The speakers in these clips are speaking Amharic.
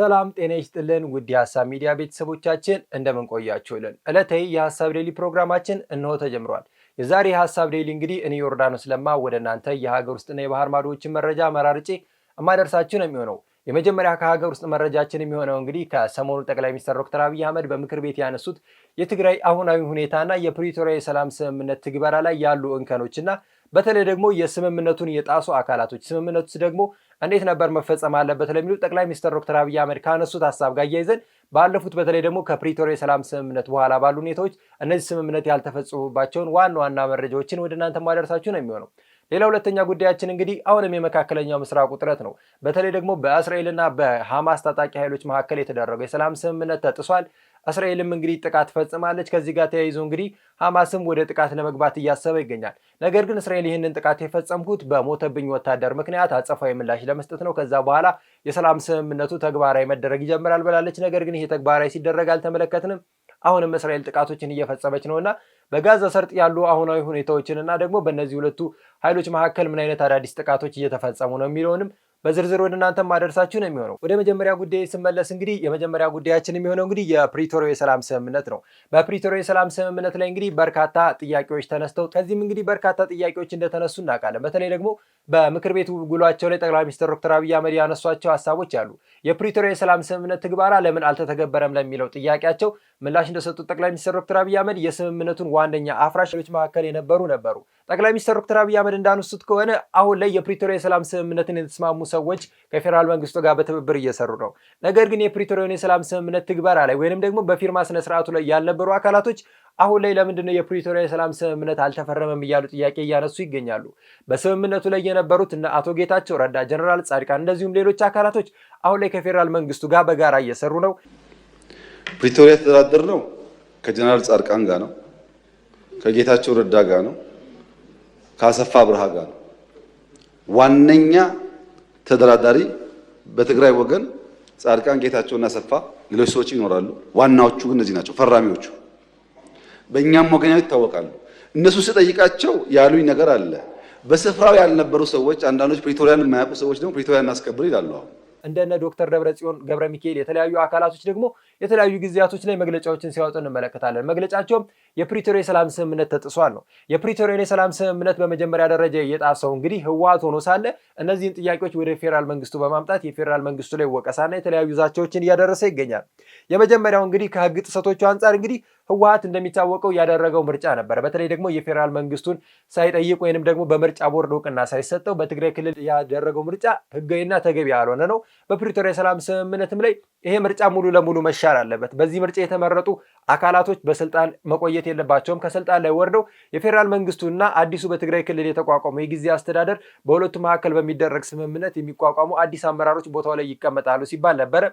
ሰላም ጤና ይስጥልን ውድ የሀሳብ ሚዲያ ቤተሰቦቻችን እንደምንቆያችሁልን። ዕለታዊ የሀሳብ ዴይሊ ፕሮግራማችን እነሆ ተጀምሯል። የዛሬ የሀሳብ ዴይሊ እንግዲህ እኔ ዮርዳኖስ ለማ ወደ እናንተ የሀገር ውስጥና የባህር ማዶዎችን መረጃ መራርጬ የማደርሳችሁ ነው የሚሆነው። የመጀመሪያ ከሀገር ውስጥ መረጃችን የሚሆነው እንግዲህ ከሰሞኑ ጠቅላይ ሚኒስትር ዶክተር አብይ አህመድ በምክር ቤት ያነሱት የትግራይ አሁናዊ ሁኔታና የፕሪቶሪያ የሰላም ስምምነት ትግበራ ላይ ያሉ እንከኖችና በተለይ ደግሞ የስምምነቱን የጣሱ አካላቶች ስምምነቱስ ደግሞ እንዴት ነበር መፈጸም አለበት ለሚሉ ጠቅላይ ሚኒስትር ዶክተር አብይ አህመድ ካነሱት ሀሳብ ጋር እያይዘን ባለፉት በተለይ ደግሞ ከፕሪቶሪያ የሰላም ስምምነት በኋላ ባሉ ሁኔታዎች እነዚህ ስምምነት ያልተፈጸሙባቸውን ዋና ዋና መረጃዎችን ወደ እናንተ ማደርሳችሁ ነው የሚሆነው። ሌላ ሁለተኛ ጉዳያችን እንግዲህ አሁንም የመካከለኛው ምስራቅ ውጥረት ነው። በተለይ ደግሞ በእስራኤልና በሐማስ ታጣቂ ኃይሎች መካከል የተደረገው የሰላም ስምምነት ተጥሷል። እስራኤልም እንግዲህ ጥቃት ፈጽማለች። ከዚህ ጋር ተያይዞ እንግዲህ ሐማስም ወደ ጥቃት ለመግባት እያሰበ ይገኛል። ነገር ግን እስራኤል ይህንን ጥቃት የፈጸምኩት በሞተብኝ ወታደር ምክንያት አጸፋዊ ምላሽ ለመስጠት ነው፣ ከዛ በኋላ የሰላም ስምምነቱ ተግባራዊ መደረግ ይጀምራል ብላለች። ነገር ግን ይሄ ተግባራዊ ሲደረግ አልተመለከትንም። አሁንም እስራኤል ጥቃቶችን እየፈጸመች ነውና በጋዛ ሰርጥ ያሉ አሁናዊ ሁኔታዎችን እና ደግሞ በእነዚህ ሁለቱ ኃይሎች መካከል ምን አይነት አዳዲስ ጥቃቶች እየተፈጸሙ ነው የሚለውንም በዝርዝር ወደ እናንተ ማደርሳችሁ ነው የሚሆነው። ወደ መጀመሪያ ጉዳይ ስመለስ እንግዲህ የመጀመሪያ ጉዳያችን የሚሆነው እንግዲህ የፕሪቶሪያ የሰላም ስምምነት ነው። በፕሪቶሪያ የሰላም ስምምነት ላይ እንግዲህ በርካታ ጥያቄዎች ተነስተው ከዚህም እንግዲህ በርካታ ጥያቄዎች እንደተነሱ እናውቃለን። በተለይ ደግሞ በምክር ቤት ጉሏቸው ላይ ጠቅላይ ሚኒስትር ዶክተር አብይ አህመድ ያነሷቸው ሀሳቦች አሉ። የፕሪቶሪያ የሰላም ስምምነት ትግባራ ለምን አልተተገበረም ለሚለው ጥያቄያቸው ምላሽ እንደሰጡት ጠቅላይ ሚኒስትር ዶክተር አብይ አህመድ የስምምነቱን ዋነኛ አፍራሾች መካከል የነበሩ ነበሩ። ጠቅላይ ሚኒስትር ዶክተር አብይ አህመድ እንዳነሱት ከሆነ አሁን ላይ የፕሪቶሪያ የሰላም ስምምነትን የተስማሙ ሰዎች ከፌዴራል መንግስቱ ጋር በትብብር እየሰሩ ነው። ነገር ግን የፕሪቶሪያን የሰላም ስምምነት ትግበራ ላይ ወይንም ደግሞ በፊርማ ስነስርዓቱ ላይ ያልነበሩ አካላቶች አሁን ላይ ለምንድነው የፕሪቶሪያ የሰላም ስምምነት አልተፈረመም እያሉ ጥያቄ እያነሱ ይገኛሉ። በስምምነቱ ላይ የነበሩት እነ አቶ ጌታቸው ረዳ፣ ጀነራል ጻድቃን እንደዚሁም ሌሎች አካላቶች አሁን ላይ ከፌዴራል መንግስቱ ጋር በጋራ እየሰሩ ነው። ፕሪቶሪያ የተደራደር ነው ከጀነራል ጻድቃን ጋር ነው፣ ከጌታቸው ረዳ ጋር ነው፣ ከአሰፋ ብርሃ ጋር ነው። ዋነኛ ተደራዳሪ በትግራይ ወገን ጻድቃን፣ እና አሰፋ፣ ሌሎች ሰዎች ይኖራሉ። ዋናዎቹ ግን እነዚህ ናቸው ፈራሚዎቹ። በእኛም ወገን ይታወቃሉ። እነሱ ስጠይቃቸው ያሉኝ ነገር አለ በስፍራው ያልነበሩ ሰዎች፣ አንዳንዶች ፕሪቶሪያን የማያውቁ ሰዎች ደግሞ ፕሪቶሪያ እናስከብር ይላሉ። እንደነ ዶክተር ደብረጽዮን ገብረ ሚካኤል የተለያዩ አካላቶች ደግሞ የተለያዩ ጊዜያቶች ላይ መግለጫዎችን ሲያወጡ እንመለከታለን። መግለጫቸውም የፕሪቶሪያ የሰላም ስምምነት ተጥሷል ነው። የፕሪቶሪያ የሰላም ስምምነት በመጀመሪያ ደረጃ የጣሰው እንግዲህ ህወሓት ሆኖ ሳለ እነዚህን ጥያቄዎች ወደ ፌዴራል መንግስቱ በማምጣት የፌዴራል መንግስቱ ላይ ወቀሳና የተለያዩ ዛቻዎችን እያደረሰ ይገኛል። የመጀመሪያው እንግዲህ ከህግ ጥሰቶቹ አንጻር እንግዲህ ህወሀት እንደሚታወቀው ያደረገው ምርጫ ነበረ። በተለይ ደግሞ የፌዴራል መንግስቱን ሳይጠይቅ ወይንም ደግሞ በምርጫ ቦርድ እውቅና ሳይሰጠው በትግራይ ክልል ያደረገው ምርጫ ህጋዊና ተገቢ ያልሆነ ነው። በፕሪቶሪያ ሰላም ስምምነትም ላይ ይሄ ምርጫ ሙሉ ለሙሉ መሻር አለበት። በዚህ ምርጫ የተመረጡ አካላቶች በስልጣን መቆየት የለባቸውም። ከስልጣን ላይ ወርደው የፌዴራል መንግስቱና አዲሱ በትግራይ ክልል የተቋቋመው የጊዜ አስተዳደር በሁለቱ መካከል በሚደረግ ስምምነት የሚቋቋሙ አዲስ አመራሮች ቦታው ላይ ይቀመጣሉ ሲባል ነበረ።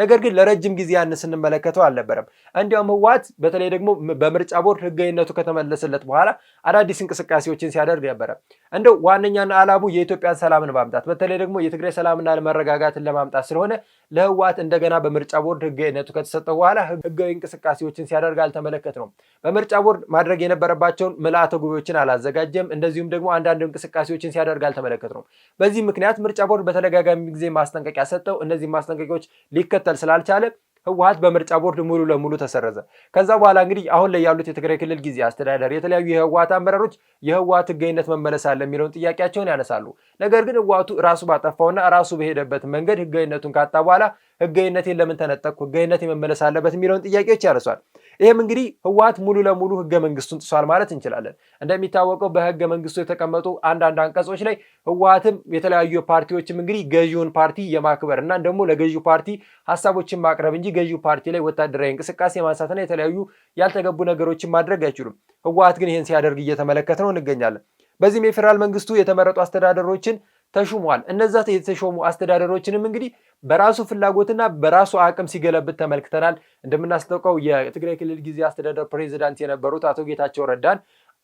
ነገር ግን ለረጅም ጊዜ ያን ስንመለከተው አልነበረም። እንዲያውም ህወሓት በተለይ ደግሞ በምርጫ ቦርድ ህጋዊነቱ ከተመለሰለት በኋላ አዳዲስ እንቅስቃሴዎችን ሲያደርግ ነበረ። እንደው ዋነኛና አላቡ የኢትዮጵያን ሰላምን ማምጣት በተለይ ደግሞ የትግራይ ሰላምና መረጋጋትን ለማምጣት ስለሆነ ለህወሓት እንደገና በምርጫ ቦርድ ህጋዊነቱ ከተሰጠ በኋላ ህጋዊ እንቅስቃሴዎችን ሲያደርግ አልተመለከት ነው። በምርጫ ቦርድ ማድረግ የነበረባቸውን ምልአተ ጉባኤዎችን አላዘጋጀም። እንደዚሁም ደግሞ አንዳንድ እንቅስቃሴዎችን ሲያደርግ አልተመለከት ነው። በዚህ ምክንያት ምርጫ ቦርድ በተደጋጋሚ ጊዜ ማስጠንቀቂያ ሰጠው። እነዚህ ማስጠንቀቂያዎች ሊከተል ስላልቻለ ህወሀት በምርጫ ቦርድ ሙሉ ለሙሉ ተሰረዘ። ከዛ በኋላ እንግዲህ አሁን ላይ ያሉት የትግራይ ክልል ጊዜ አስተዳደር፣ የተለያዩ የህወሀት አመራሮች የህወሀት ህጋዊነት መመለስ አለ የሚለውን ጥያቄያቸውን ያነሳሉ። ነገር ግን ህወሀቱ ራሱ ባጠፋውና ራሱ በሄደበት መንገድ ህጋዊነቱን ካጣ በኋላ ህጋዊነቴን ለምን ተነጠቅኩ፣ ህጋዊነት መመለስ አለበት የሚለውን ጥያቄዎች ያነሷል። ይህም እንግዲህ ህወሓት ሙሉ ለሙሉ ህገ መንግስቱን ጥሷል ማለት እንችላለን። እንደሚታወቀው በህገ መንግስቱ የተቀመጡ አንዳንድ አንቀጾች ላይ ህወሓትም የተለያዩ ፓርቲዎችም እንግዲህ ገዢውን ፓርቲ የማክበር እና ደግሞ ለገዢው ፓርቲ ሀሳቦችን ማቅረብ እንጂ ገዢው ፓርቲ ላይ ወታደራዊ እንቅስቃሴ ማንሳትና የተለያዩ ያልተገቡ ነገሮችን ማድረግ አይችሉም። ህወሓት ግን ይህን ሲያደርግ እየተመለከት ነው እንገኛለን። በዚህም የፌዴራል መንግስቱ የተመረጡ አስተዳደሮችን ተሹሟል። እነዛ የተሾሙ አስተዳደሮችንም እንግዲህ በራሱ ፍላጎትና በራሱ አቅም ሲገለብት ተመልክተናል። እንደምናስታውቀው የትግራይ ክልል ጊዜ አስተዳደር ፕሬዚዳንት የነበሩት አቶ ጌታቸው ረዳን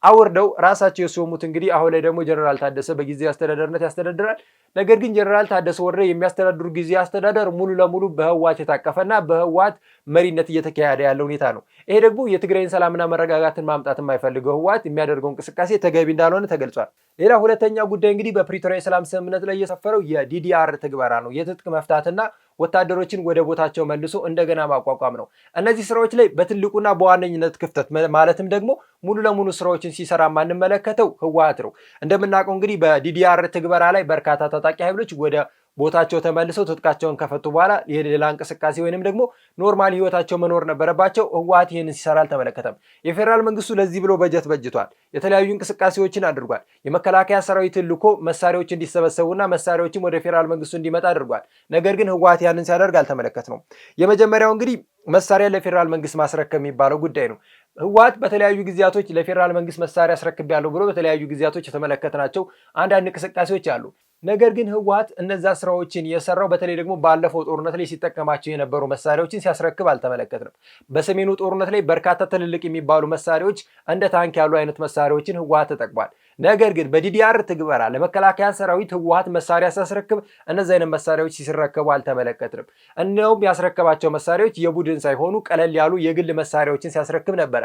አውርደው ራሳቸው የሾሙት እንግዲህ አሁን ላይ ደግሞ ጀነራል ታደሰ በጊዜ አስተዳደርነት ያስተዳድራል። ነገር ግን ጀነራል ታደሰ ወረደ የሚያስተዳድሩ ጊዜ አስተዳደር ሙሉ ለሙሉ በህዋት የታቀፈና በህዋት መሪነት እየተካሄደ ያለ ሁኔታ ነው። ይሄ ደግሞ የትግራይን ሰላምና መረጋጋትን ማምጣት የማይፈልገው ህወሓት የሚያደርገው እንቅስቃሴ ተገቢ እንዳልሆነ ተገልጿል። ሌላ ሁለተኛ ጉዳይ እንግዲህ በፕሪቶሪያ የሰላም ስምምነት ላይ የሰፈረው የዲዲአር ትግበራ ነው። የትጥቅ መፍታትና ወታደሮችን ወደ ቦታቸው መልሶ እንደገና ማቋቋም ነው። እነዚህ ስራዎች ላይ በትልቁና በዋነኝነት ክፍተት ማለትም ደግሞ ሙሉ ለሙሉ ስራዎችን ሲሰራ የማንመለከተው ህወሓት ነው። እንደምናውቀው እንግዲህ በዲዲአር ትግበራ ላይ በርካታ ታጣቂ ኃይሎች ወደ ቦታቸው ተመልሰው ትጥቃቸውን ከፈቱ በኋላ የሌላ እንቅስቃሴ ወይንም ደግሞ ኖርማል ህይወታቸው መኖር ነበረባቸው። ህወሓት ይህን ሲሰራ አልተመለከተም። የፌዴራል መንግስቱ ለዚህ ብሎ በጀት በጅቷል። የተለያዩ እንቅስቃሴዎችን አድርጓል። የመከላከያ ሰራዊትን ልኮ መሳሪያዎች እንዲሰበሰቡና መሳሪያዎችም ወደ ፌዴራል መንግስቱ እንዲመጣ አድርጓል። ነገር ግን ህወሓት ያንን ሲያደርግ አልተመለከት ነው። የመጀመሪያው እንግዲህ መሳሪያ ለፌዴራል መንግስት ማስረከብ የሚባለው ጉዳይ ነው። ህወሓት በተለያዩ ጊዜያቶች ለፌዴራል መንግስት መሳሪያ አስረክቤያለሁ ብሎ በተለያዩ ጊዜያቶች የተመለከትናቸው አንዳንድ እንቅስቃሴዎች አሉ። ነገር ግን ህወሓት እነዛ ስራዎችን የሰራው በተለይ ደግሞ ባለፈው ጦርነት ላይ ሲጠቀማቸው የነበሩ መሳሪያዎችን ሲያስረክብ አልተመለከትንም። በሰሜኑ ጦርነት ላይ በርካታ ትልልቅ የሚባሉ መሳሪያዎች እንደ ታንክ ያሉ አይነት መሳሪያዎችን ህወሓት ተጠቅሟል። ነገር ግን በዲዲአር ትግበራ ለመከላከያ ሰራዊት ህወሀት መሳሪያ ሲያስረክብ እነዚህ አይነት መሳሪያዎች ሲስረከቡ አልተመለከትንም። እነውም ያስረከባቸው መሳሪያዎች የቡድን ሳይሆኑ ቀለል ያሉ የግል መሳሪያዎችን ሲያስረክብ ነበረ።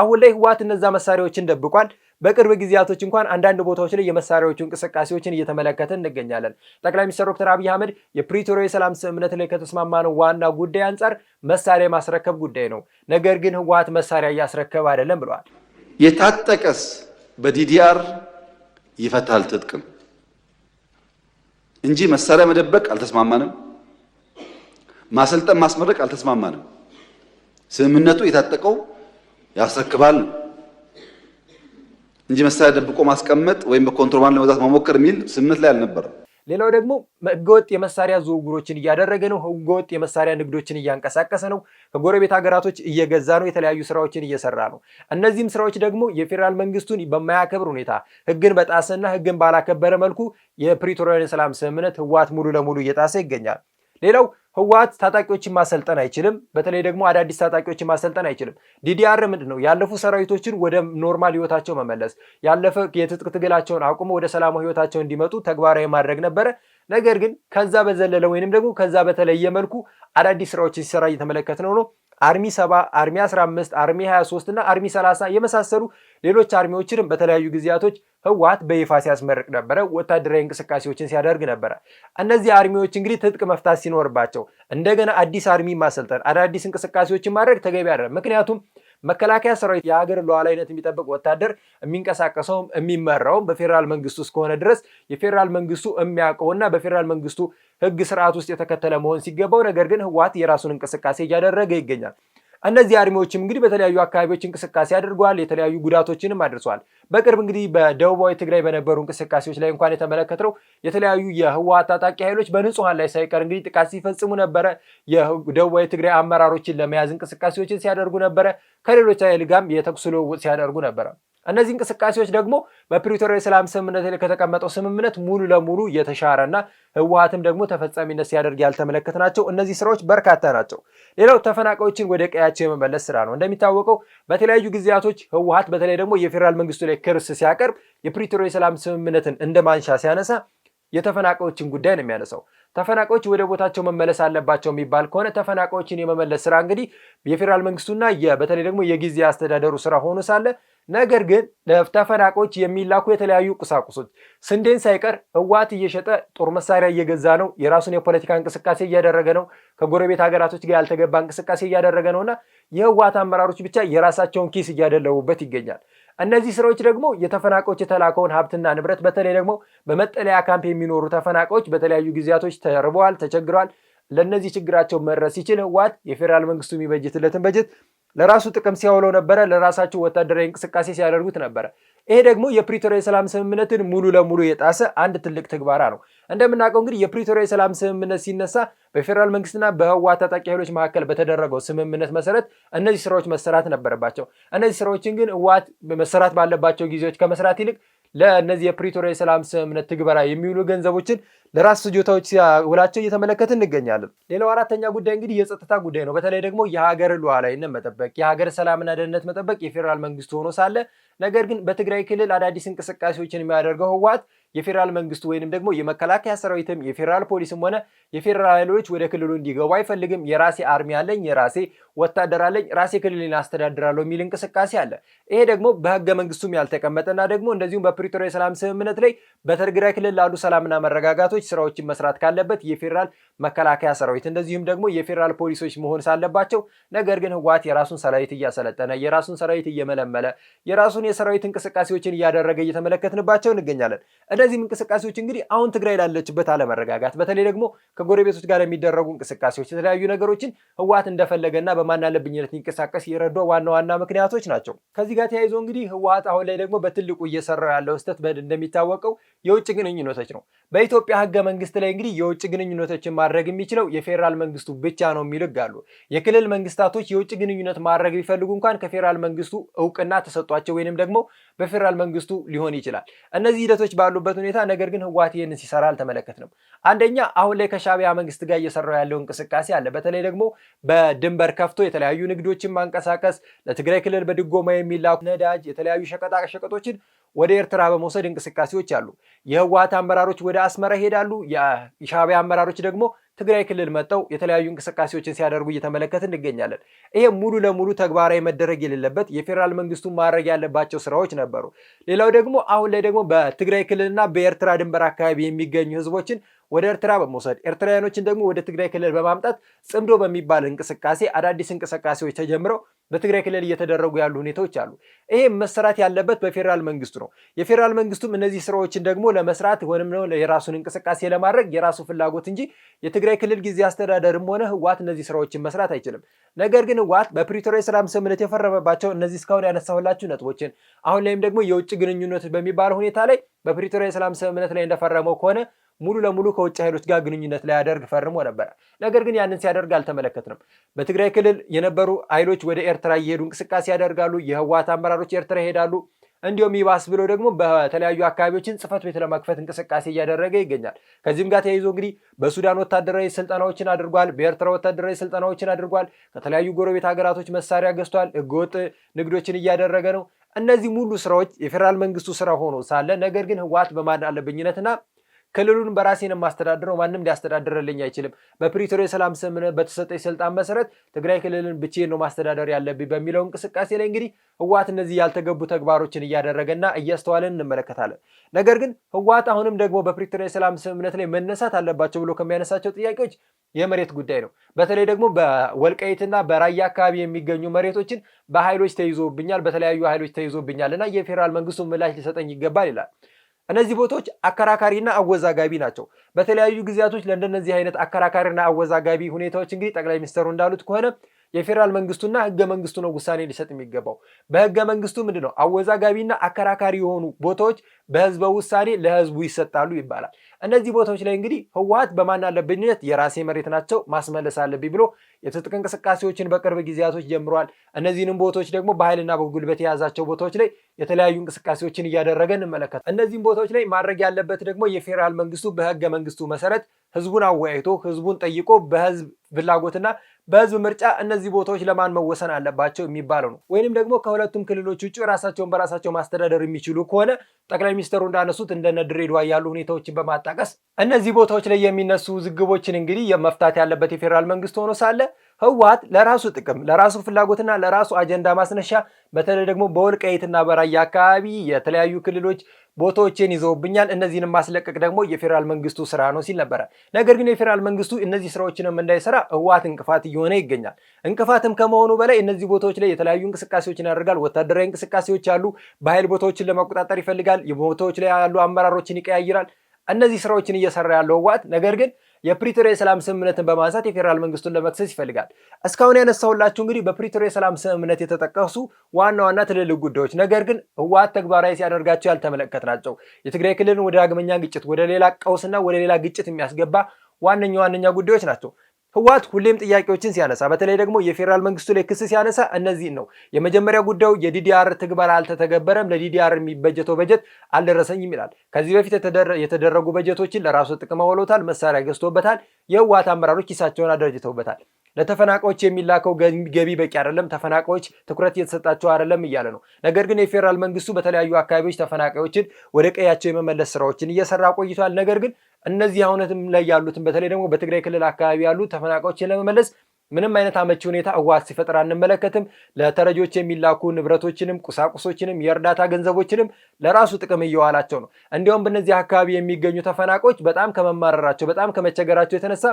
አሁን ላይ ህወሀት እነዛ መሳሪያዎችን ደብቋል። በቅርብ ጊዜያቶች እንኳን አንዳንድ ቦታዎች ላይ የመሳሪያዎቹ እንቅስቃሴዎችን እየተመለከትን እንገኛለን። ጠቅላይ ሚኒስትር ዶክተር አብይ አህመድ የፕሪቶሪያ የሰላም ስምምነት ላይ ከተስማማነው ዋና ጉዳይ አንጻር መሳሪያ የማስረከብ ጉዳይ ነው። ነገር ግን ህወሀት መሳሪያ እያስረከበ አይደለም ብለዋል። የታጠቀስ በዲዲአር ይፈታል ትጥቅም እንጂ መሳሪያ መደበቅ አልተስማማንም። ማሰልጠን ማስመረቅ አልተስማማንም። ስምምነቱ የታጠቀው ያስረክባል እንጂ መሳሪያ ደብቆ ማስቀመጥ ወይም በኮንትሮባንድ ለመግዛት መሞከር የሚል ስምምነት ላይ አልነበረም። ሌላው ደግሞ ህገወጥ የመሳሪያ ዝውውሮችን እያደረገ ነው። ህገወጥ የመሳሪያ ንግዶችን እያንቀሳቀሰ ነው። ከጎረቤት ሀገራቶች እየገዛ ነው። የተለያዩ ስራዎችን እየሰራ ነው። እነዚህም ስራዎች ደግሞ የፌዴራል መንግስቱን በማያከብር ሁኔታ ህግን በጣሰና ህግን ባላከበረ መልኩ የፕሪቶሪያን የሰላም ስምምነት ህወሓት ሙሉ ለሙሉ እየጣሰ ይገኛል። ሌላው ህወሓት ታጣቂዎችን ማሰልጠን አይችልም። በተለይ ደግሞ አዳዲስ ታጣቂዎችን ማሰልጠን አይችልም። ዲዲአር ምንድን ነው? ያለፉ ሰራዊቶችን ወደ ኖርማል ህይወታቸው መመለስ፣ ያለፈ የትጥቅ ትግላቸውን አቁሞ ወደ ሰላማዊ ህይወታቸው እንዲመጡ ተግባራዊ ማድረግ ነበረ። ነገር ግን ከዛ በዘለለ ወይንም ደግሞ ከዛ በተለየ መልኩ አዳዲስ ስራዎችን ሲሰራ እየተመለከት ነው ነው አርሚ ሰባ አርሚ 15 አርሚ 23 እና አርሚ 30 የመሳሰሉ ሌሎች አርሚዎችንም በተለያዩ ጊዜያቶች ህወሓት በይፋ ሲያስመርቅ ነበረ፣ ወታደራዊ እንቅስቃሴዎችን ሲያደርግ ነበረ። እነዚህ አርሚዎች እንግዲህ ትጥቅ መፍታት ሲኖርባቸው እንደገና አዲስ አርሚ ማሰልጠን፣ አዳዲስ እንቅስቃሴዎችን ማድረግ ተገቢ አይደለም። ምክንያቱም መከላከያ ሰራዊት የሀገር ሉዓላዊነት የሚጠብቅ ወታደር የሚንቀሳቀሰውም የሚመራውም በፌዴራል መንግስቱ እስከሆነ ድረስ የፌዴራል መንግስቱ የሚያውቀውና በፌዴራል መንግስቱ ህግ ስርዓት ውስጥ የተከተለ መሆን ሲገባው፣ ነገር ግን ህወሓት የራሱን እንቅስቃሴ እያደረገ ይገኛል። እነዚህ አርሚዎችም እንግዲህ በተለያዩ አካባቢዎች እንቅስቃሴ አድርገዋል የተለያዩ ጉዳቶችንም አድርሰዋል በቅርብ እንግዲህ በደቡባዊ ትግራይ በነበሩ እንቅስቃሴዎች ላይ እንኳን የተመለከተው የተለያዩ የህወሓት ታጣቂ ኃይሎች በንጹሐን ላይ ሳይቀር እንግዲህ ጥቃት ሲፈጽሙ ነበረ። የደቡባዊ ትግራይ አመራሮችን ለመያዝ እንቅስቃሴዎችን ሲያደርጉ ነበረ። ከሌሎች ኃይል ጋርም የተኩስ ልውውጥ ሲያደርጉ ነበረ። እነዚህ እንቅስቃሴዎች ደግሞ በፕሪቶሪያ የሰላም ስምምነት ላይ ከተቀመጠው ስምምነት ሙሉ ለሙሉ የተሻረና ህወሀትም ደግሞ ተፈጻሚነት ሲያደርግ ያልተመለከት ናቸው። እነዚህ ስራዎች በርካታ ናቸው። ሌላው ተፈናቃዮችን ወደ ቀያቸው የመመለስ ስራ ነው። እንደሚታወቀው በተለያዩ ጊዜያቶች ህወሀት በተለይ ደግሞ የፌዴራል መንግስቱ ላይ ክርስ ሲያቀርብ የፕሪቶሪያ የሰላም ስምምነትን እንደ ማንሻ ሲያነሳ የተፈናቃዮችን ጉዳይ ነው የሚያነሳው። ተፈናቃዮች ወደ ቦታቸው መመለስ አለባቸው የሚባል ከሆነ ተፈናቃዮችን የመመለስ ስራ እንግዲህ የፌዴራል መንግስቱና በተለይ ደግሞ የጊዜ አስተዳደሩ ስራ ሆኖ ሳለ ነገር ግን ተፈናቃዮች የሚላኩ የተለያዩ ቁሳቁሶች ስንዴን ሳይቀር እዋት እየሸጠ ጦር መሳሪያ እየገዛ ነው። የራሱን የፖለቲካ እንቅስቃሴ እያደረገ ነው። ከጎረቤት ሀገራቶች ጋር ያልተገባ እንቅስቃሴ እያደረገ እና የህዋት አመራሮች ብቻ የራሳቸውን ኪስ እያደለቡበት ይገኛል። እነዚህ ስራዎች ደግሞ የተፈናቃዮች የተላከውን ሀብትና ንብረት በተለይ ደግሞ በመጠለያ ካምፕ የሚኖሩ ተፈናቃዮች በተለያዩ ጊዜያቶች ተርበዋል፣ ተቸግረዋል። ለእነዚህ ችግራቸው መድረስ ሲችል ህወሓት የፌዴራል መንግስቱ የሚበጅትለትን በጀት ለራሱ ጥቅም ሲያውለው ነበረ። ለራሳቸው ወታደራዊ እንቅስቃሴ ሲያደርጉት ነበረ። ይሄ ደግሞ የፕሪቶሪያ የሰላም ስምምነትን ሙሉ ለሙሉ የጣሰ አንድ ትልቅ ትግባራ ነው። እንደምናውቀው እንግዲህ የፕሪቶሪያ የሰላም ስምምነት ሲነሳ በፌዴራል መንግስትና በህወሓት ታጣቂ ኃይሎች መካከል በተደረገው ስምምነት መሰረት እነዚህ ስራዎች መሰራት ነበረባቸው። እነዚህ ስራዎችን ግን ህወሓት መሰራት ባለባቸው ጊዜዎች ከመስራት ይልቅ ለእነዚህ የፕሪቶሪያ የሰላም ስምምነት ትግበራ የሚውሉ ገንዘቦችን ለራስ ፍጆታዎች ሲያውላቸው እየተመለከት እንገኛለን። ሌላው አራተኛ ጉዳይ እንግዲህ የጸጥታ ጉዳይ ነው። በተለይ ደግሞ የሀገር ሉዓላዊነት መጠበቅ፣ የሀገር ሰላምና ደህንነት መጠበቅ የፌዴራል መንግስት ሆኖ ሳለ ነገር ግን በትግራይ ክልል አዳዲስ እንቅስቃሴዎችን የሚያደርገው ህወሓት የፌዴራል መንግስቱ ወይንም ደግሞ የመከላከያ ሰራዊትም የፌዴራል ፖሊስም ሆነ የፌዴራል ኃይሎች ወደ ክልሉ እንዲገቡ አይፈልግም። የራሴ አርሚ አለኝ፣ የራሴ ወታደር አለኝ፣ ራሴ ክልልን አስተዳድራለሁ የሚል እንቅስቃሴ አለ። ይሄ ደግሞ በህገ መንግስቱም ያልተቀመጠና ደግሞ እንደዚሁም በፕሪቶሪያ የሰላም ስምምነት ላይ በትግራይ ክልል ላሉ ሰላምና መረጋጋቶች ስራዎችን መስራት ካለበት የፌዴራል መከላከያ ሰራዊት እንደዚሁም ደግሞ የፌዴራል ፖሊሶች መሆን ሳለባቸው፣ ነገር ግን ህወሓት የራሱን ሰራዊት እያሰለጠነ የራሱን ሰራዊት እየመለመለ የራሱን የሰራዊት እንቅስቃሴዎችን እያደረገ እየተመለከትንባቸው እንገኛለን። እነዚህም እንቅስቃሴዎች እንግዲህ አሁን ትግራይ ላለችበት አለመረጋጋት፣ በተለይ ደግሞ ከጎረቤቶች ጋር የሚደረጉ እንቅስቃሴዎች፣ የተለያዩ ነገሮችን ህወሓት እንደፈለገና በማናለብኝነት ሊንቀሳቀስ የረዷ ዋና ዋና ምክንያቶች ናቸው። ከዚህ ጋር ተያይዞ እንግዲህ ህወሓት አሁን ላይ ደግሞ በትልቁ እየሰራው ያለው ስህተት እንደሚታወቀው የውጭ ግንኙነቶች ነው። በኢትዮጵያ ህገ መንግስት ላይ እንግዲህ የውጭ ግንኙነቶችን ማድረግ የሚችለው የፌዴራል መንግስቱ ብቻ ነው የሚልግ አሉ። የክልል መንግስታቶች የውጭ ግንኙነት ማድረግ ቢፈልጉ እንኳን ከፌዴራል መንግስቱ እውቅና ተሰጧቸው ወይንም ደግሞ በፌዴራል መንግስቱ ሊሆን ይችላል። እነዚህ ሂደቶች ባሉበት ባለንበት ሁኔታ ነገር ግን ህወሓት ይህንን ሲሰራ አልተመለከትንም። አንደኛ አሁን ላይ ከሻቢያ መንግስት ጋር እየሰራው ያለው እንቅስቃሴ አለ። በተለይ ደግሞ በድንበር ከፍቶ የተለያዩ ንግዶችን ማንቀሳቀስ፣ ለትግራይ ክልል በድጎማ የሚላኩ ነዳጅ፣ የተለያዩ ሸቀጣ ሸቀጦችን ወደ ኤርትራ በመውሰድ እንቅስቃሴዎች አሉ። የህወሀት አመራሮች ወደ አስመራ ይሄዳሉ። የሻዕቢያ አመራሮች ደግሞ ትግራይ ክልል መጠው የተለያዩ እንቅስቃሴዎችን ሲያደርጉ እየተመለከት እንገኛለን። ይሄ ሙሉ ለሙሉ ተግባራዊ መደረግ የሌለበት የፌዴራል መንግስቱ ማድረግ ያለባቸው ስራዎች ነበሩ። ሌላው ደግሞ አሁን ላይ ደግሞ በትግራይ ክልልና በኤርትራ ድንበር አካባቢ የሚገኙ ህዝቦችን ወደ ኤርትራ በመውሰድ ኤርትራውያኖችን ደግሞ ወደ ትግራይ ክልል በማምጣት ጽምዶ በሚባል እንቅስቃሴ አዳዲስ እንቅስቃሴዎች ተጀምረው በትግራይ ክልል እየተደረጉ ያሉ ሁኔታዎች አሉ። ይሄ መሰራት ያለበት በፌዴራል መንግስቱ ነው። የፌዴራል መንግስቱም እነዚህ ስራዎችን ደግሞ ለመስራት ወይም የራሱን እንቅስቃሴ ለማድረግ የራሱ ፍላጎት እንጂ የትግራይ ክልል ጊዜ አስተዳደርም ሆነ ህዋት እነዚህ ስራዎችን መስራት አይችልም። ነገር ግን ህዋት በፕሪቶሪያ የሰላም ስምምነት የፈረመባቸው እነዚህ እስካሁን ያነሳሁላችሁ ነጥቦችን አሁን ላይም ደግሞ የውጭ ግንኙነት በሚባል ሁኔታ ላይ በፕሪቶሪያ የሰላም ስምምነት ላይ እንደፈረመው ከሆነ ሙሉ ለሙሉ ከውጭ ኃይሎች ጋር ግንኙነት ሊያደርግ ፈርሞ ነበረ። ነገር ግን ያንን ሲያደርግ አልተመለከትንም። በትግራይ ክልል የነበሩ ኃይሎች ወደ ኤርትራ እየሄዱ እንቅስቃሴ ያደርጋሉ። የህወሓት አመራሮች ኤርትራ ይሄዳሉ። እንዲሁም ይባስ ብሎ ደግሞ በተለያዩ አካባቢዎችን ጽህፈት ቤት ለመክፈት እንቅስቃሴ እያደረገ ይገኛል። ከዚህም ጋር ተያይዞ እንግዲህ በሱዳን ወታደራዊ ስልጠናዎችን አድርጓል። በኤርትራ ወታደራዊ ስልጠናዎችን አድርጓል። ከተለያዩ ጎረቤት ሀገራቶች መሳሪያ ገዝቷል። ህገወጥ ንግዶችን እያደረገ ነው። እነዚህ ሙሉ ስራዎች የፌዴራል መንግስቱ ስራ ሆኖ ሳለ ነገር ግን ህወሓት በማን አለብኝነትና ክልሉን በራሴ ነው የማስተዳድረው፣ ማንም ሊያስተዳድረልኝ አይችልም፣ በፕሪቶሪያ የሰላም ስምምነት በተሰጠ ስልጣን መሰረት ትግራይ ክልልን ብቻዬን ነው ማስተዳደር ያለብኝ በሚለው እንቅስቃሴ ላይ እንግዲህ ህወሓት እነዚህ ያልተገቡ ተግባሮችን እያደረገና እያስተዋለን እንመለከታለን። ነገር ግን ህወሓት አሁንም ደግሞ በፕሪቶሪያ የሰላም ስምምነት ላይ መነሳት አለባቸው ብሎ ከሚያነሳቸው ጥያቄዎች የመሬት ጉዳይ ነው። በተለይ ደግሞ በወልቃይትና በራያ አካባቢ የሚገኙ መሬቶችን በኃይሎች ተይዞብኛል፣ በተለያዩ ኃይሎች ተይዞብኛል እና የፌዴራል መንግስቱ ምላሽ ሊሰጠኝ ይገባል ይላል። እነዚህ ቦታዎች አከራካሪና አወዛጋቢ ናቸው። በተለያዩ ጊዜያቶች ለእንደነዚህ አይነት አከራካሪና አወዛጋቢ ሁኔታዎች እንግዲህ ጠቅላይ ሚኒስትሩ እንዳሉት ከሆነ የፌዴራል መንግስቱና ህገ መንግስቱ ነው ውሳኔ ሊሰጥ የሚገባው። በህገ መንግስቱ ምንድን ነው አወዛጋቢና አከራካሪ የሆኑ ቦታዎች በህዝበ ውሳኔ ለህዝቡ ይሰጣሉ ይባላል። እነዚህ ቦታዎች ላይ እንግዲህ ህወሀት በማን አለብኝነት የራሴ መሬት ናቸው ማስመለስ አለብኝ ብሎ የትጥቅ እንቅስቃሴዎችን በቅርብ ጊዜያቶች ጀምረዋል። እነዚህንም ቦታዎች ደግሞ በኃይልና በጉልበት የያዛቸው ቦታዎች ላይ የተለያዩ እንቅስቃሴዎችን እያደረገ እንመለከት። እነዚህም ቦታዎች ላይ ማድረግ ያለበት ደግሞ የፌዴራል መንግስቱ በህገ መንግስቱ መሰረት ህዝቡን አወያይቶ ህዝቡን ጠይቆ በህዝብ ፍላጎትና በህዝብ ምርጫ እነዚህ ቦታዎች ለማን መወሰን አለባቸው የሚባለው ነው። ወይንም ደግሞ ከሁለቱም ክልሎች ውጭ ራሳቸውን በራሳቸው ማስተዳደር የሚችሉ ከሆነ ጠቅላይ ሚኒስተሩ እንዳነሱት እንደነ ድሬዳዋ ያሉ ሁኔታዎችን በማጣቀስ እነዚህ ቦታዎች ላይ የሚነሱ ውዝግቦችን እንግዲህ መፍታት ያለበት የፌዴራል መንግስት ሆኖ ሳለ ህወሓት ለራሱ ጥቅም ለራሱ ፍላጎትና ለራሱ አጀንዳ ማስነሻ በተለይ ደግሞ በወልቃይትና በራያ አካባቢ የተለያዩ ክልሎች ቦታዎችን ይዘውብኛል፣ እነዚህንም ማስለቀቅ ደግሞ የፌዴራል መንግስቱ ስራ ነው ሲል ነበረ። ነገር ግን የፌዴራል መንግስቱ እነዚህ ስራዎችንም እንዳይሰራ ህወሓት እንቅፋት እየሆነ ይገኛል። እንቅፋትም ከመሆኑ በላይ እነዚህ ቦታዎች ላይ የተለያዩ እንቅስቃሴዎችን ያደርጋል። ወታደራዊ እንቅስቃሴዎች አሉ። በኃይል ቦታዎችን ለመቆጣጠር ይፈልጋል። ቦታዎች ላይ ያሉ አመራሮችን ይቀያይራል። እነዚህ ስራዎችን እየሰራ ያለው ህወሓት ነገር ግን የፕሪቶሪያ የሰላም ስምምነትን በማንሳት የፌዴራል መንግስቱን ለመክሰስ ይፈልጋል። እስካሁን ያነሳሁላችሁ እንግዲህ በፕሪቶሪያ የሰላም ስምምነት የተጠቀሱ ዋና ዋና ትልልቅ ጉዳዮች፣ ነገር ግን ህወሓት ተግባራዊ ሲያደርጋቸው ያልተመለከት ናቸው። የትግራይ ክልልን ወደ ዳግመኛ ግጭት፣ ወደ ሌላ ቀውስና ወደ ሌላ ግጭት የሚያስገባ ዋነኛ ዋነኛ ጉዳዮች ናቸው። ህወሓት ሁሌም ጥያቄዎችን ሲያነሳ በተለይ ደግሞ የፌዴራል መንግስቱ ላይ ክስ ሲያነሳ እነዚህን ነው። የመጀመሪያ ጉዳዩ የዲዲአር ትግበር አልተተገበረም፣ ለዲዲአር የሚበጀተው በጀት አልደረሰኝም ይላል። ከዚህ በፊት የተደረጉ በጀቶችን ለራሱ ጥቅም አውሎታል፣ መሳሪያ ገዝቶበታል፣ የህወሓት አመራሮች ኪሳቸውን አደረጅተውበታል። ለተፈናቃዮች የሚላከው ገቢ በቂ አይደለም፣ ተፈናቃዮች ትኩረት እየተሰጣቸው አይደለም እያለ ነው። ነገር ግን የፌዴራል መንግስቱ በተለያዩ አካባቢዎች ተፈናቃዮችን ወደ ቀያቸው የመመለስ ስራዎችን እየሰራ ቆይቷል። ነገር ግን እነዚህ አሁነትም ላይ ያሉትን በተለይ ደግሞ በትግራይ ክልል አካባቢ ያሉ ተፈናቃዮችን ለመመለስ ምንም አይነት አመቺ ሁኔታ ህወሓት ሲፈጥር አንመለከትም። ለተረጆች የሚላኩ ንብረቶችንም ቁሳቁሶችንም የእርዳታ ገንዘቦችንም ለራሱ ጥቅም እየዋላቸው ነው። እንዲሁም በእነዚህ አካባቢ የሚገኙ ተፈናቃዮች በጣም ከመማረራቸው በጣም ከመቸገራቸው የተነሳ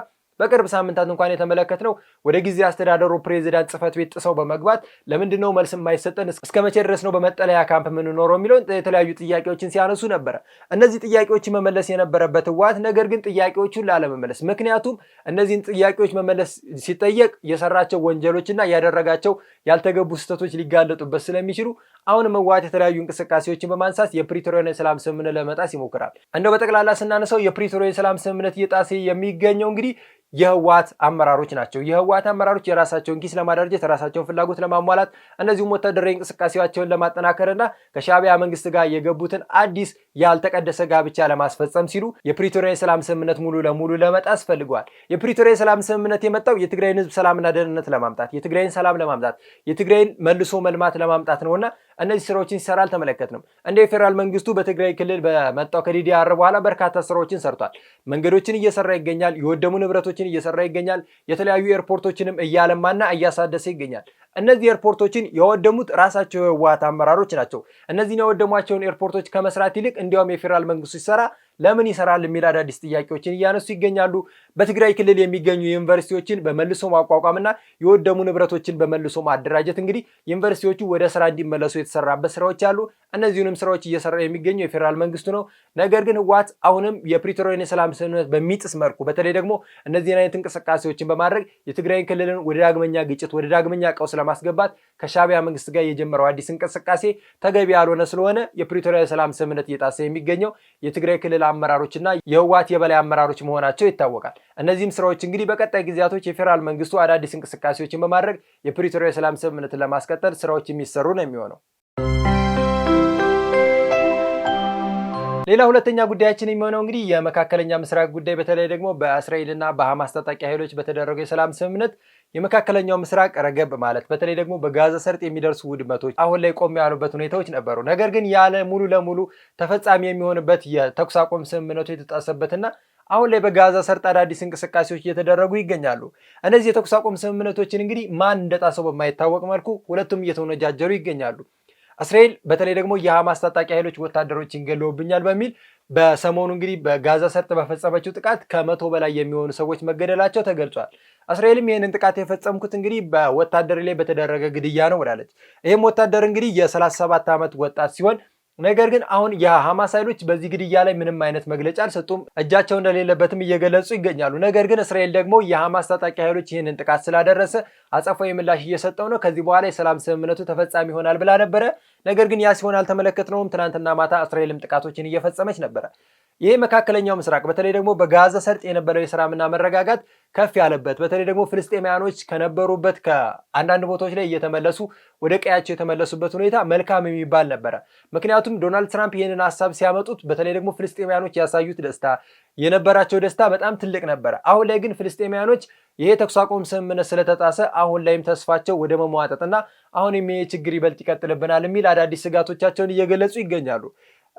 በቅርብ ሳምንታት እንኳን የተመለከትነው ወደ ጊዜ አስተዳደሩ ፕሬዚዳንት ጽህፈት ቤት ጥሰው በመግባት ለምንድን ነው መልስ የማይሰጠን እስከ መቼ ድረስ ነው በመጠለያ ካምፕ የምንኖረው የሚለውን የተለያዩ ጥያቄዎችን ሲያነሱ ነበረ። እነዚህ ጥያቄዎች መመለስ የነበረበት ህወሓት ነገር ግን ጥያቄዎቹን ላለመመለስ ምክንያቱም እነዚህን ጥያቄዎች መመለስ ሲጠየቅ የሰራቸው ወንጀሎችና ያደረጋቸው ያልተገቡ ስህተቶች ሊጋለጡበት ስለሚችሉ አሁን መዋት የተለያዩ እንቅስቃሴዎችን በማንሳት የፕሪቶሪያን የሰላም ስምምነት ለመጣስ ይሞክራል። እንደው በጠቅላላ ስናነሳው የፕሪቶሪያ የሰላም ስምምነት የጣሴ የሚገኘው እንግዲህ የህወሓት አመራሮች ናቸው። የህወሓት አመራሮች የራሳቸውን ኪስ ለማደራጀት የራሳቸውን ፍላጎት ለማሟላት እንደዚሁም ወታደራዊ እንቅስቃሴያቸውን ለማጠናከርና ከሻቢያ መንግስት ጋር የገቡትን አዲስ ያልተቀደሰ ጋብቻ ለማስፈጸም ሲሉ የፕሪቶሪያ የሰላም ስምምነት ሙሉ ለሙሉ ለመጣስ ፈልገዋል። የፕሪቶሪያ የሰላም ስምምነት የመጣው የትግራይን ህዝብ ሰላምና ደህንነት ለማምጣት የትግራይን ሰላም ለማምጣት የትግራይን መልሶ መልማት ለማምጣት ነውና እነዚህ ስራዎችን ሲሰራ አልተመለከትንም። እንደ የፌዴራል መንግስቱ በትግራይ ክልል በመጣው ከዲዲአር በኋላ በርካታ ስራዎችን ሰርቷል። መንገዶችን እየሰራ ይገኛል። የወደሙ ንብረቶችን እየሰራ ይገኛል። የተለያዩ ኤርፖርቶችንም እያለማና እያሳደሰ ይገኛል። እነዚህ ኤርፖርቶችን የወደሙት ራሳቸው የህወሓት አመራሮች ናቸው። እነዚህን የወደሟቸውን ኤርፖርቶች ከመስራት ይልቅ እንዲያውም የፌዴራል መንግስቱ ሲሰራ ለምን ይሰራል የሚል አዳዲስ ጥያቄዎችን እያነሱ ይገኛሉ። በትግራይ ክልል የሚገኙ ዩኒቨርሲቲዎችን በመልሶ ማቋቋምና የወደሙ ንብረቶችን በመልሶ ማደራጀት እንግዲህ ዩኒቨርሲቲዎቹ ወደ ስራ እንዲመለሱ የተሰራበት ስራዎች አሉ። እነዚሁንም ስራዎች እየሰራ የሚገኘው የፌዴራል መንግስቱ ነው። ነገር ግን ህወሓት አሁንም የፕሪቶሪያን የሰላም ስምምነት በሚጥስ መልኩ በተለይ ደግሞ እነዚህን አይነት እንቅስቃሴዎችን በማድረግ የትግራይ ክልልን ወደ ዳግመኛ ግጭት፣ ወደ ዳግመኛ ቀውስ ለማስገባት ከሻቢያ መንግስት ጋር የጀመረው አዲስ እንቅስቃሴ ተገቢ ያልሆነ ስለሆነ የፕሪቶሪያ የሰላም ስምምነት እየጣሰ የሚገኘው የትግራይ ክልል አመራሮችና የህወሓት የበላይ አመራሮች መሆናቸው ይታወቃል። እነዚህም ስራዎች እንግዲህ በቀጣይ ጊዜያቶች የፌዴራል መንግስቱ አዳዲስ እንቅስቃሴዎችን በማድረግ የፕሪቶሪያ የሰላም ስምምነትን ለማስቀጠል ስራዎች የሚሰሩ ነው የሚሆነው። ሌላ ሁለተኛ ጉዳያችን የሚሆነው እንግዲህ የመካከለኛ ምስራቅ ጉዳይ በተለይ ደግሞ በእስራኤልና በሐማስ ታጣቂ ኃይሎች በተደረገው የሰላም ስምምነት የመካከለኛው ምስራቅ ረገብ ማለት በተለይ ደግሞ በጋዛ ሰርጥ የሚደርሱ ውድመቶች አሁን ላይ ቆም ያሉበት ሁኔታዎች ነበሩ። ነገር ግን ያለ ሙሉ ለሙሉ ተፈጻሚ የሚሆንበት የተኩስ አቁም ስምምነቱ የተጣሰበትና አሁን ላይ በጋዛ ሰርጥ አዳዲስ እንቅስቃሴዎች እየተደረጉ ይገኛሉ። እነዚህ የተኩስ አቁም ስምምነቶችን እንግዲህ ማን እንደጣሰው በማይታወቅ መልኩ ሁለቱም እየተወነጃጀሩ ይገኛሉ። እስራኤል በተለይ ደግሞ የሐማስ ታጣቂ ኃይሎች ወታደሮች ገለውብኛል በሚል በሰሞኑ እንግዲህ በጋዛ ሰርጥ በፈጸመችው ጥቃት ከመቶ በላይ የሚሆኑ ሰዎች መገደላቸው ተገልጿል። እስራኤልም ይህንን ጥቃት የፈጸምኩት እንግዲህ በወታደር ላይ በተደረገ ግድያ ነው ብላለች። ይህም ወታደር እንግዲህ የ37 ዓመት ወጣት ሲሆን ነገር ግን አሁን የሐማስ ኃይሎች በዚህ ግድያ ላይ ምንም አይነት መግለጫ አልሰጡም። እጃቸው እንደሌለበትም እየገለጹ ይገኛሉ። ነገር ግን እስራኤል ደግሞ የሐማስ ታጣቂ ኃይሎች ይህንን ጥቃት ስላደረሰ አጸፋዊ ምላሽ እየሰጠው ነው፣ ከዚህ በኋላ የሰላም ስምምነቱ ተፈጻሚ ይሆናል ብላ ነበረ። ነገር ግን ያ ሲሆን አልተመለከትነውም። ትናንትና ማታ እስራኤልም ጥቃቶችን እየፈጸመች ነበረ። ይህ መካከለኛው ምስራቅ በተለይ ደግሞ በጋዛ ሰርጥ የነበረው የሰላምና መረጋጋት ከፍ ያለበት በተለይ ደግሞ ፍልስጤማያኖች ከነበሩበት ከአንዳንድ ቦታዎች ላይ እየተመለሱ ወደ ቀያቸው የተመለሱበት ሁኔታ መልካም የሚባል ነበረ። ምክንያቱም ዶናልድ ትራምፕ ይህንን ሀሳብ ሲያመጡት በተለይ ደግሞ ፍልስጤማያኖች ያሳዩት ደስታ የነበራቸው ደስታ በጣም ትልቅ ነበረ። አሁን ላይ ግን ፍልስጤማያኖች ይሄ ተኩስ አቁም ስምምነት ስለተጣሰ አሁን ላይም ተስፋቸው ወደ መሟጠጥና አሁንም ይሄ ችግር ይበልጥ ይቀጥልብናል የሚል አዳዲስ ስጋቶቻቸውን እየገለጹ ይገኛሉ።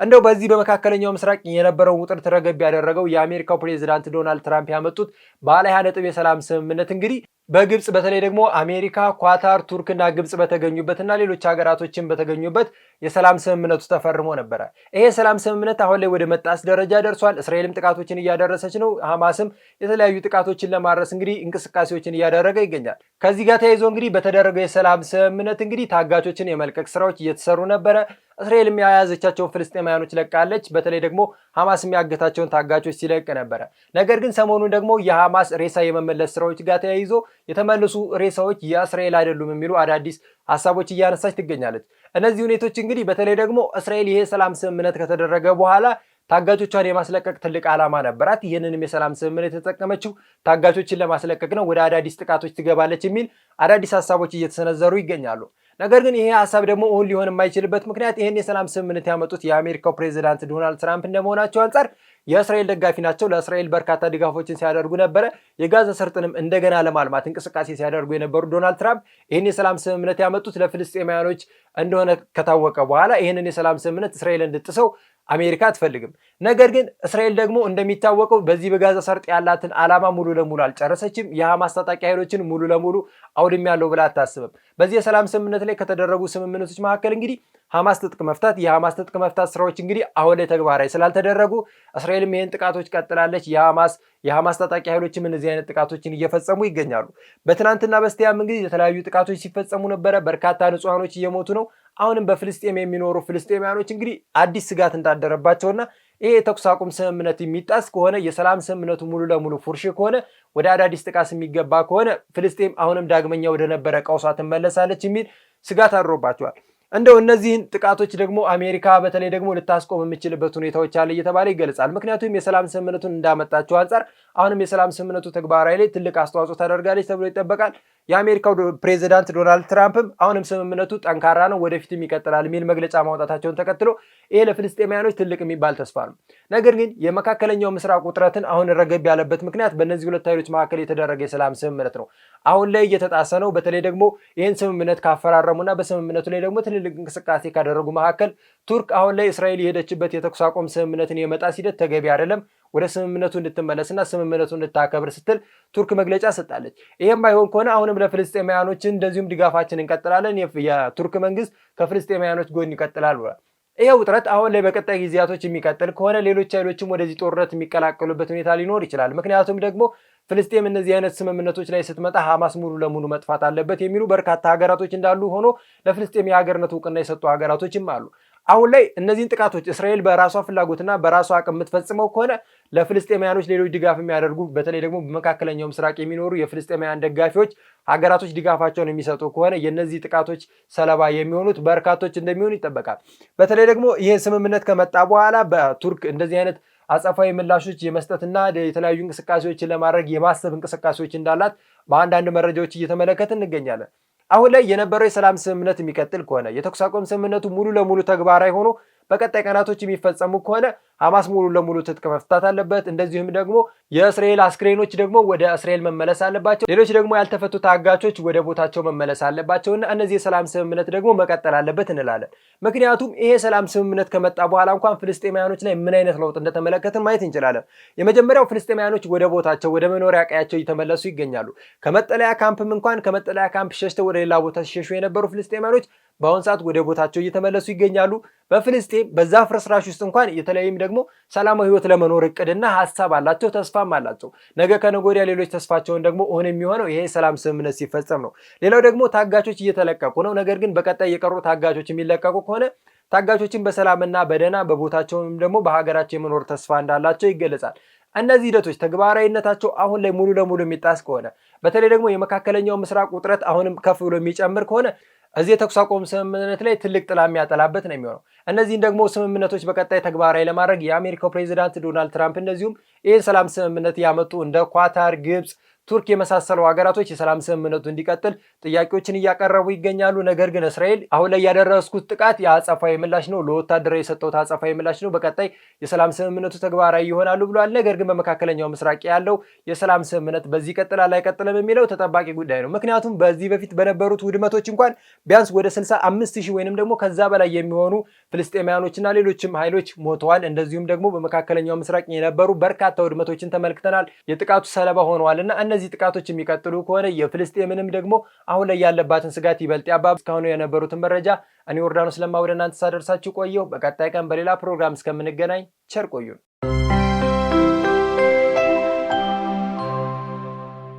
እንደው በዚህ በመካከለኛው ምስራቅ የነበረውን ውጥረት ረገብ ያደረገው የአሜሪካው ፕሬዚዳንት ዶናልድ ትራምፕ ያመጡት ባለ ሀያ ነጥብ የሰላም ስምምነት እንግዲህ በግብፅ በተለይ ደግሞ አሜሪካ፣ ኳታር፣ ቱርክና ግብፅ በተገኙበትና ሌሎች ሀገራቶችን በተገኙበት የሰላም ስምምነቱ ተፈርሞ ነበረ። ይሄ የሰላም ስምምነት አሁን ላይ ወደ መጣስ ደረጃ ደርሷል። እስራኤልም ጥቃቶችን እያደረሰች ነው። ሀማስም የተለያዩ ጥቃቶችን ለማድረስ እንግዲህ እንቅስቃሴዎችን እያደረገ ይገኛል። ከዚህ ጋር ተያይዞ እንግዲህ በተደረገው የሰላም ስምምነት እንግዲህ ታጋቾችን የመልቀቅ ስራዎች እየተሰሩ ነበረ። እስራኤል የያዘቻቸውን ፍልስጤማያኖች ለቃለች። በተለይ ደግሞ ሐማስ የሚያገታቸውን ታጋቾች ሲለቅ ነበረ። ነገር ግን ሰሞኑን ደግሞ የሐማስ ሬሳ የመመለስ ስራዎች ጋር ተያይዞ የተመለሱ ሬሳዎች የእስራኤል አይደሉም የሚሉ አዳዲስ ሀሳቦች እያነሳች ትገኛለች። እነዚህ ሁኔቶች እንግዲህ በተለይ ደግሞ እስራኤል ይሄ ሰላም ስምምነት ከተደረገ በኋላ ታጋቾቿን የማስለቀቅ ትልቅ ዓላማ ነበራት። ይህንንም የሰላም ስምምነት የተጠቀመችው ታጋቾችን ለማስለቀቅ ነው፣ ወደ አዳዲስ ጥቃቶች ትገባለች የሚል አዳዲስ ሀሳቦች እየተሰነዘሩ ይገኛሉ። ነገር ግን ይሄ ሀሳብ ደግሞ እሁን ሊሆን የማይችልበት ምክንያት ይህን የሰላም ስምምነት ያመጡት የአሜሪካው ፕሬዚዳንት ዶናልድ ትራምፕ እንደመሆናቸው አንጻር የእስራኤል ደጋፊ ናቸው። ለእስራኤል በርካታ ድጋፎችን ሲያደርጉ ነበረ። የጋዛ ሰርጥንም እንደገና ለማልማት እንቅስቃሴ ሲያደርጉ የነበሩ ዶናልድ ትራምፕ ይህን የሰላም ስምምነት ያመጡት ለፍልስጤማያኖች እንደሆነ ከታወቀ በኋላ ይህንን የሰላም ስምምነት እስራኤል እንድጥሰው አሜሪካ አትፈልግም። ነገር ግን እስራኤል ደግሞ እንደሚታወቀው በዚህ በጋዛ ሰርጥ ያላትን ዓላማ ሙሉ ለሙሉ አልጨረሰችም። የሐማስ ታጣቂ ኃይሎችን ሙሉ ለሙሉ አውድሜያለሁ ብላ አታስብም። በዚህ የሰላም ስምምነት ላይ ከተደረጉ ስምምነቶች መካከል እንግዲህ ሐማስ ትጥቅ መፍታት፣ የሐማስ ትጥቅ መፍታት ስራዎች እንግዲህ አሁን ላይ ተግባራዊ ስላልተደረጉ እስራኤልም ይህን ጥቃቶች ቀጥላለች። የሐማስ የሐማስ ታጣቂ ኃይሎችም እነዚህ አይነት ጥቃቶችን እየፈጸሙ ይገኛሉ። በትናንትና በስቲያም እንግዲህ የተለያዩ ጥቃቶች ሲፈጸሙ ነበረ። በርካታ ንጹሐኖች እየሞቱ ነው። አሁንም በፍልስጤም የሚኖሩ ፍልስጤማያኖች እንግዲህ አዲስ ስጋት እንዳደረባቸውና ይሄ የተኩስ አቁም ስምምነት የሚጣስ ከሆነ የሰላም ስምምነቱ ሙሉ ለሙሉ ፉርሽ ከሆነ ወደ አዳዲስ ጥቃስ የሚገባ ከሆነ ፍልስጤም አሁንም ዳግመኛ ወደነበረ ቀውሷ ትመለሳለች የሚል ስጋት አድሮባቸዋል። እንደው እነዚህን ጥቃቶች ደግሞ አሜሪካ በተለይ ደግሞ ልታስቆም የምችልበት ሁኔታዎች አለ እየተባለ ይገልጻል። ምክንያቱም የሰላም ስምምነቱን እንዳመጣቸው አንጻር አሁንም የሰላም ስምምነቱ ተግባራዊ ላይ ትልቅ አስተዋጽኦ ታደርጋለች ተብሎ ይጠበቃል። የአሜሪካው ፕሬዚዳንት ዶናልድ ትራምፕም አሁንም ስምምነቱ ጠንካራ ነው፣ ወደፊትም ይቀጥላል የሚል መግለጫ ማውጣታቸውን ተከትሎ ይሄ ለፍልስጤማያኖች ትልቅ የሚባል ተስፋ ነው። ነገር ግን የመካከለኛው ምስራቅ ውጥረትን አሁን ረገብ ያለበት ምክንያት በእነዚህ ሁለት ኃይሎች መካከል የተደረገ የሰላም ስምምነት ነው። አሁን ላይ እየተጣሰ ነው። በተለይ ደግሞ ይህን ስምምነት ካፈራረሙና በስምምነቱ ላይ ደግሞ ትልልቅ ትልቅ እንቅስቃሴ ካደረጉ መካከል ቱርክ አሁን ላይ እስራኤል የሄደችበት የተኩስ አቁም ስምምነትን የመጣስ ሂደት ተገቢ አይደለም፣ ወደ ስምምነቱ እንድትመለስና ስምምነቱ እንድታከብር ስትል ቱርክ መግለጫ ሰጣለች። ይህም አይሆን ከሆነ አሁንም ለፍልስጤማያኖች እንደዚሁም ድጋፋችን እንቀጥላለን፣ የቱርክ መንግስት ከፍልስጤማውያኖች ጎን ይቀጥላል ብሏል። ይህ ውጥረት አሁን ላይ በቀጣይ ጊዜያቶች የሚቀጥል ከሆነ ሌሎች ኃይሎችም ወደዚህ ጦርነት የሚቀላቀሉበት ሁኔታ ሊኖር ይችላል። ምክንያቱም ደግሞ ፍልስጤም እነዚህ አይነት ስምምነቶች ላይ ስትመጣ ሐማስ ሙሉ ለሙሉ መጥፋት አለበት የሚሉ በርካታ ሀገራቶች እንዳሉ ሆኖ ለፍልስጤም የሀገርነት እውቅና የሰጡ ሀገራቶችም አሉ። አሁን ላይ እነዚህን ጥቃቶች እስራኤል በራሷ ፍላጎትና በራሷ አቅም የምትፈጽመው ከሆነ ለፍልስጤማያኖች ሌሎች ድጋፍ የሚያደርጉ በተለይ ደግሞ በመካከለኛው ምስራቅ የሚኖሩ የፍልስጤማያን ደጋፊዎች ሀገራቶች ድጋፋቸውን የሚሰጡ ከሆነ የእነዚህ ጥቃቶች ሰለባ የሚሆኑት በርካቶች እንደሚሆኑ ይጠበቃል። በተለይ ደግሞ ይህ ስምምነት ከመጣ በኋላ በቱርክ እንደዚህ አይነት አጸፋዊ ምላሾች የመስጠትና የተለያዩ እንቅስቃሴዎችን ለማድረግ የማሰብ እንቅስቃሴዎች እንዳላት በአንዳንድ መረጃዎች እየተመለከት እንገኛለን። አሁን ላይ የነበረው የሰላም ስምምነት የሚቀጥል ከሆነ የተኩስ አቁም ስምምነቱ ሙሉ ለሙሉ ተግባራዊ ሆኖ በቀጣይ ቀናቶች የሚፈጸሙ ከሆነ ሐማስ ሙሉ ለሙሉ ትጥቅ መፍታት አለበት። እንደዚሁም ደግሞ የእስራኤል አስክሬኖች ደግሞ ወደ እስራኤል መመለስ አለባቸው። ሌሎች ደግሞ ያልተፈቱ ታጋቾች ወደ ቦታቸው መመለስ እና እነዚህ የሰላም ስምምነት ደግሞ መቀጠል አለበት እንላለን። ምክንያቱም ይሄ ሰላም ስምምነት ከመጣ በኋላ እንኳን ፍልስጤማያኖች ላይ ምን አይነት ለውጥ እንደተመለከትን ማየት እንችላለን። የመጀመሪያው ፍልስጤማያኖች ወደ ቦታቸው ወደ መኖሪያ ቀያቸው እየተመለሱ ይገኛሉ። ከመጠለያ ካምፕም እንኳን ከመጠለያ ካምፕ ሸሽተው ወደ ሌላ ቦታ ሲሸሹ የነበሩ ፍልስጤማያኖች በአሁን ሰዓት ወደ ቦታቸው እየተመለሱ ይገኛሉ። በፍልስጤም በዛ ፍርስራሽ ውስጥ እንኳን የተለያዩም ደግሞ ሰላማዊ ህይወት ለመኖር እቅድና ሀሳብ አላቸው፣ ተስፋም አላቸው። ነገ ከነገ ወዲያ ሌሎች ተስፋቸውን ደግሞ እውን የሚሆነው ይሄ ሰላም ስምምነት ሲፈጸም ነው። ሌላው ደግሞ ታጋቾች እየተለቀቁ ነው። ነገር ግን በቀጣይ የቀሩ ታጋቾች የሚለቀቁ ከሆነ ታጋቾችን በሰላምና በደህና በቦታቸውም ደግሞ በሀገራቸው የመኖር ተስፋ እንዳላቸው ይገለጻል። እነዚህ ሂደቶች ተግባራዊነታቸው አሁን ላይ ሙሉ ለሙሉ የሚጣስ ከሆነ በተለይ ደግሞ የመካከለኛው ምስራቅ ውጥረት አሁንም ከፍ ብሎ የሚጨምር ከሆነ እዚህ የተኩስ አቁም ስምምነት ላይ ትልቅ ጥላ የሚያጠላበት ነው የሚሆነው። እነዚህን ደግሞ ስምምነቶች በቀጣይ ተግባራዊ ለማድረግ የአሜሪካው ፕሬዚዳንት ዶናልድ ትራምፕ እንደዚሁም ይህን ሰላም ስምምነት ያመጡ እንደ ኳታር፣ ግብፅ ቱርክ የመሳሰሉ ሀገራቶች የሰላም ስምምነቱ እንዲቀጥል ጥያቄዎችን እያቀረቡ ይገኛሉ። ነገር ግን እስራኤል አሁን ላይ ያደረስኩት ጥቃት የአጸፋዊ ምላሽ ነው፣ ለወታደራዊ የሰጠሁት አጸፋዊ ምላሽ ነው፣ በቀጣይ የሰላም ስምምነቱ ተግባራዊ ይሆናሉ ብለዋል። ነገር ግን በመካከለኛው ምስራቅ ያለው የሰላም ስምምነት በዚህ ይቀጥላል አይቀጥልም የሚለው ተጠባቂ ጉዳይ ነው። ምክንያቱም በዚህ በፊት በነበሩት ውድመቶች እንኳን ቢያንስ ወደ 65 ሺህ ወይንም ደግሞ ከዛ በላይ የሚሆኑ ፍልስጤማያኖችና ሌሎችም ኃይሎች ሞተዋል። እንደዚሁም ደግሞ በመካከለኛው ምስራቅ የነበሩ በርካታ ውድመቶችን ተመልክተናል። የጥቃቱ ሰለባ ሆነዋል እና እነዚህ ጥቃቶች የሚቀጥሉ ከሆነ የፍልስጤምንም ደግሞ አሁን ላይ ያለባትን ስጋት ይበልጥ ያባብ እስካሁኑ የነበሩትን መረጃ እኔ ዮርዳኖስ ለማ ወደ እናንተ ሳደርሳችሁ ቆየሁ። በቀጣይ ቀን በሌላ ፕሮግራም እስከምንገናኝ ቸር ቆዩን።